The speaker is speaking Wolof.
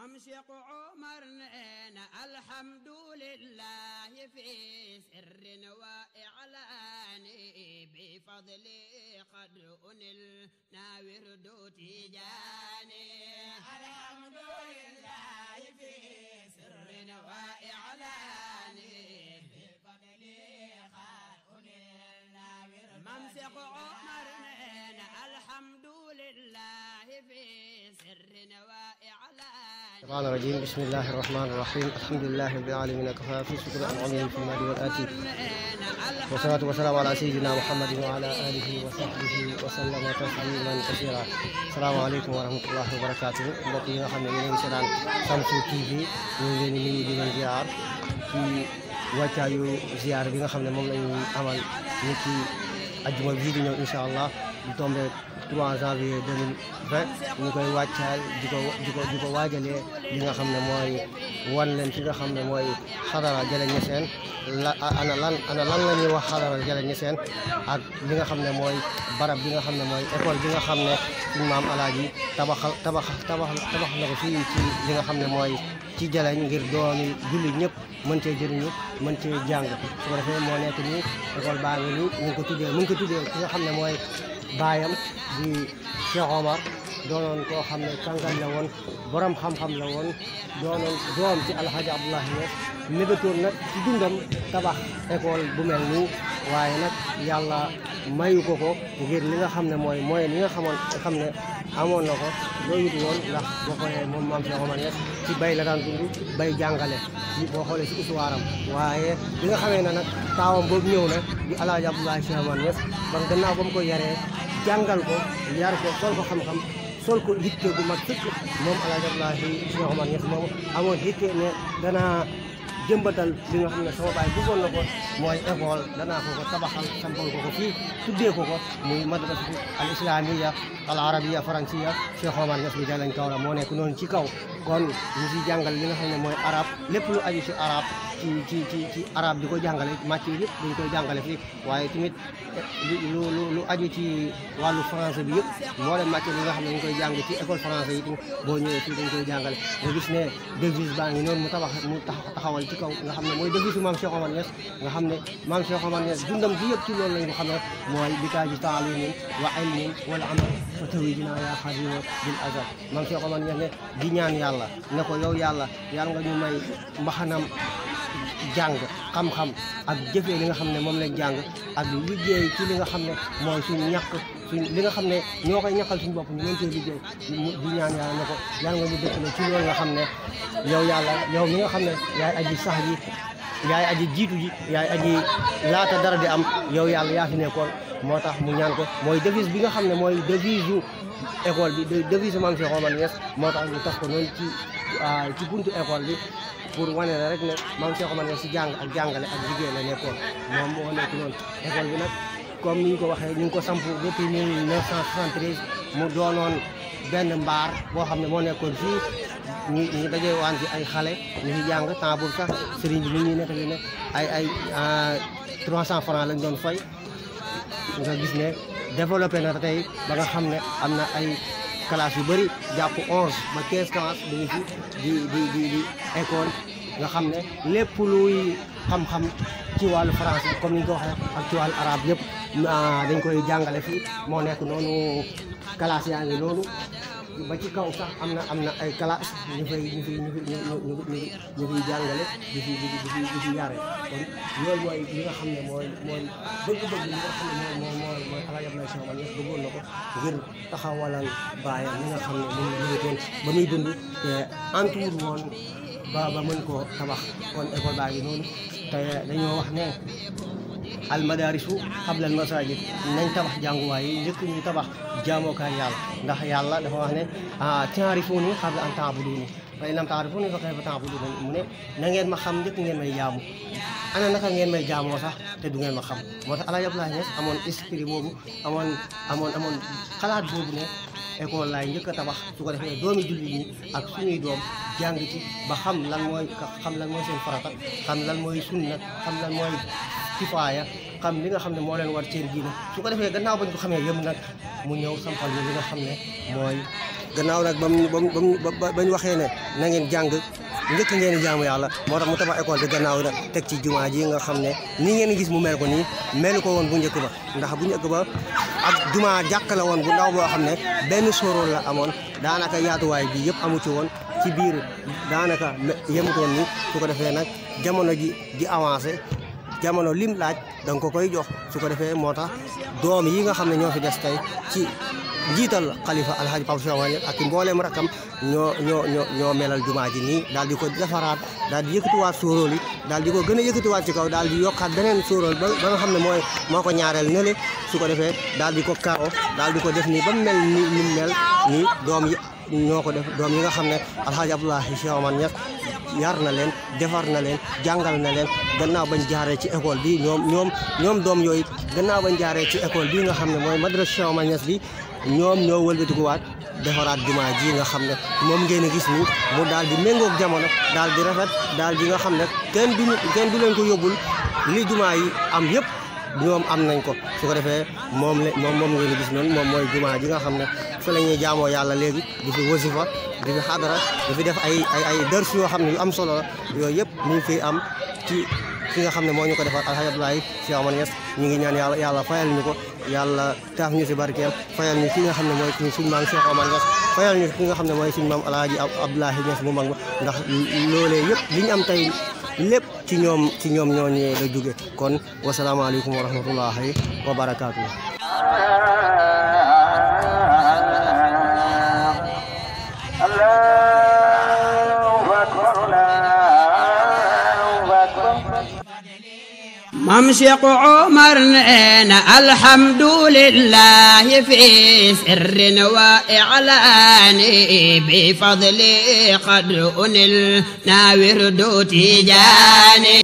ممشق عمرنا الحمد لله في سر وإعلان بفضل قد ناوير ورد تجاني الحمد لله في سر وإعلان بفضل قد أنلنا ورد ممسك عمرنا الحمد لله في سر وإعلان الرحمن الرجيم بسم الله الرحمن الرحيم الحمد لله رب العالمين كفى في شكر العظيم في المال والآتي والصلاة والسلام على سيدنا محمد وعلى آله وصحبه وسلم تسليما كثيرا السلام عليكم ورحمة الله وبركاته mbokk yi nga xam ne yéen a seetaan Shamsu TV ñu ngi leen di nuyu di leen ziar ci wàccaayu ziar bi nga xam ne moom la ñu amal 3 janvier 2020 ñu koy wàccaal di ko di ko di ko waajalee li nga xam ne mooy wan leen fi nga xam ne mooy xadara Jalle Niassène la ana lan ana lan la ñuy wax xadara Jalle Niassène ak li nga xam ne mooy barab bi nga xam ne mooy école bi nga xam ne suñu maam alaaji tabax tabax tabax tabax na ko fii ci li nga xam ne mooy ci Jalle ngir doomi jullit ñëpp mën cee jëriñu mën cee jàng moo nekk nii école baa ngi nii mu ngi ko tuddee ki nga xam ne mooy baayam di Cheikh Omar doonoon koo xam ne kàngal la woon borom xam-xam la woon doonoon doom ci alxaaji Abdoulahi Niass mébétoon nag ci dundam tabax école bu mel nii waaye nag yàlla mayu ko ko ngir li nga xam ne mooy mooy li nga xamoon xam ne amoon na ko doyut woon ndax boo xoolee moom maam Cheikh Omar Niass ci bay la daan dund bay jàngale boo xoolee ci waaye bi nga xamee ne nag bo boobu ñëw na di alaaji Abdoulahi Cheikh Omar Niass ko yaree jàngal ko yar ko sol ko xam-xam sol ko yitte bu mag sëkk moom El Hadj Abdoulaye Cheikh Omar Niass moom amoon yitte ne jëmbatal li nga xam ne sama baay bëggoon na ko mooy école danaa ko ko tabaxal sampal ko ko fii tuddee ko ko muy madrasatu al islamiya al arabiya faransiya Cheikh Omar Niass bi dalañ kaw la moo nekk noonu ci kaw kon ñu si li nga xam ne mooy arab lépp lu aju si arab ci ci ci ci arab di ko jàngale matière yëpp dañ koy jàngale fi waaye tamit lu lu aju ci wàllu français bi yëpp moo leen matière bi nga xam ne dañ koy jàng ci école français yi tamit boo ñëwee fii dañ koy jàngale nga gis ne devise baa ngi noonu mu tabax mu taxawal ci kaw nga xam ne mooy devise maam Cheikh Omar Niass nga xam ne maam Cheikh Omar Niass dundam gi yëpp ci loolu lañ ko xam ne mooy bi kaa wa ilmin wala amal fa tawi dinaa yaa xadima bil azab maam Cheikh Omar ne di ñaan yàlla ne ko yow yàlla yàlla nga ñu may mbaxanam jàng xam-xam ak jëfee li nga xam ne moom lañ jàng ak liggéey ci li nga xam ne mooy suñu ñàkk li nga xam ne ñoo koy ñàkkal suñu bopp ñu mën cee liggéey di ñaan yàlla ne ko yàlla nga ñu dëkkale ci loolu nga xam ne yow yàlla yow mi nga xam ne yaay aji sax ji yaay aji jiitu ji yaay aji laata dara di am yow yàlla yaa fi nekkoon moo tax mu ñaan ko mooy devise bi nga xam ne mooy devise yu école bi devise maam si xooman ñes moo tax ñu ko noonu ci ah, ci buntu école bi pour wane la rek ne maam Cheikh Omar si jàng ak jàngale ak jigéen la nekkoon moom moo nekk noonu école bi nag comme ni ñu ko waxee ñu ngi ko samp depuis 1973 mu doonoon benn mbaar boo xam ne moo nekkoon fii ñu ñu dajee waan si ay xale ñu si jàng temps boobu sax sëriñ bi ni ne nettali ne ay ay 300 ah, francs lañ doon fay nga gis ne développé na tey ba nga xam ne am na ay classe yu bëri jàpp onze ba quinze classe ngi fi di di di di école nga xam ne lépp luy xam-xam ci wàllu français comme ni ñu ko waxee ak ci wàllu arabe yëpp ah, dañ koy jàngale fi moo nekk noonu classe yaa noonu ba ci kaw sax am na am na ay classe ñu fay fi ñu fi di fi di fi di fi yaare nga xam ne mooy mooy bëgg-bëgg li nga xam ne mooy ko ngir taxawalal baayam li nga xam ne moom la doon ba muy dund te entouré woon ba ba mën koo tabax noonu te dañoo wax ne. xam almadaarisu xablal masajid nañ tabax jànguwaay yi njëkk ñuy tabax jaamookaay yàlla ndax yàlla dafa wax ne ah, taarifuuni xabla an taabuduuni fa in lam taarifuuni na ngeen ma xam njëkk ngeen may jaamu ana naka ngeen may jaamoo sax te du ngeen ma xam moo tax Alaaji Abdoulaye Niass amoon esprit boobu amoon amoon amoon xalaat boobu ne école laay njëkk a tabax su ko defee doomi jullit ak suñuy doom jàng ci ba xam lan mooy xam mooy seen farata xam lan mooy sunna xam lan mooy kifaaya ah. xam li nga xam ne moo leen war cër gi ne su ko defee gannaaw bañ ko xamee yëm nag mu ñëw sampal yi li nga xam ne mooy gannaaw nag bam bam bam bañ waxee ne na ngeen jàng njëkk ngeen jaamu yàlla moo tax mu tabax école bi gannaaw nag teg ci jumaa ji nga xam ne ni ngeen gis mu mel ko nii melu ko woon bu njëkk ba ndax bu njëkk ba ak jumaa jàkk la woon bu ndaw boo xam ne benn sóoroon la amoon daanaka yaatuwaay bi yëpp amu ci woon ci biir daanaka yemutoon ni su ko defee nag jamono ji di avancé jamono lim laaj da ko koy jox su ko defee moo tax doom yi nga xam ne ñoo fi des tey ci njiital xalifa alhaji Pape Cheikh ak mbooleem rakam ñoo ñoo ñoo ñoo melal jumaa ji nii daal di ko defaraat daal di yëkkatiwaat sóoróol yi daal di ko gën a yëkkatiwaat ci kaw daal di yokkaat beneen sóoróol ba nga xam ne mooy moo ko ñaareel nele su ko defee daal di ko karo daal di ko def nii ba mu mel ni mu doom yi ñoo ko def doom yi nga xam ne alxaaji abdoulahi cheikh omar ñas yar na leen defar na leen jàngal na leen gannaaw bañ jaaree ci école bi ñoom ñoom ñoom doom yooyu gannaaw bañ jaaree ci école bi nga xam ne mooy madrasa cheikh omar ñas bi ñoom ñoo wëlbatikuwaat defaraat jumaa ji nga xam ne moom ngeen a gis ni mu daal di méngoog jamono daal di rafet daal di nga xam ne kenn du kenn du leen ko yóbbul li jumaa yi am yëpp ñoom am nañ ko su ko defee moom la moom moom ngeen gis noonu moom mooy jumaa ji nga xam ne fa la ñuy jaamoo yàlla léegi di fi wasifa di fi xadara di fi def ay ay ay dërs yoo xam ne yu am solo yooyu yëpp mu ngi fiy am ci ki nga xam ne moo ñu ko defar alxaj Abdoulaye Cheikh Omar Niass ñu ngi ñaan yàlla yàlla fayal ñu ko yàlla taaf ñu si barkeem fayal ñu ki nga xam ne mooy suñu maam Cheikh Omar Niass fayal ñu ki nga xam ne mooy si suñu maam Alaaji Abdoulahi Niass mu mag ndax loolee yëpp li ñu am tey lépp ci ñoom ci ñoom ñooñee la jóge kon wasalaamaaleykum wa rahmatullahi wa barakaatu أمشق عمرنا الحمد لله في سر وإعلان بفضل قد أنلنا وردو تجاني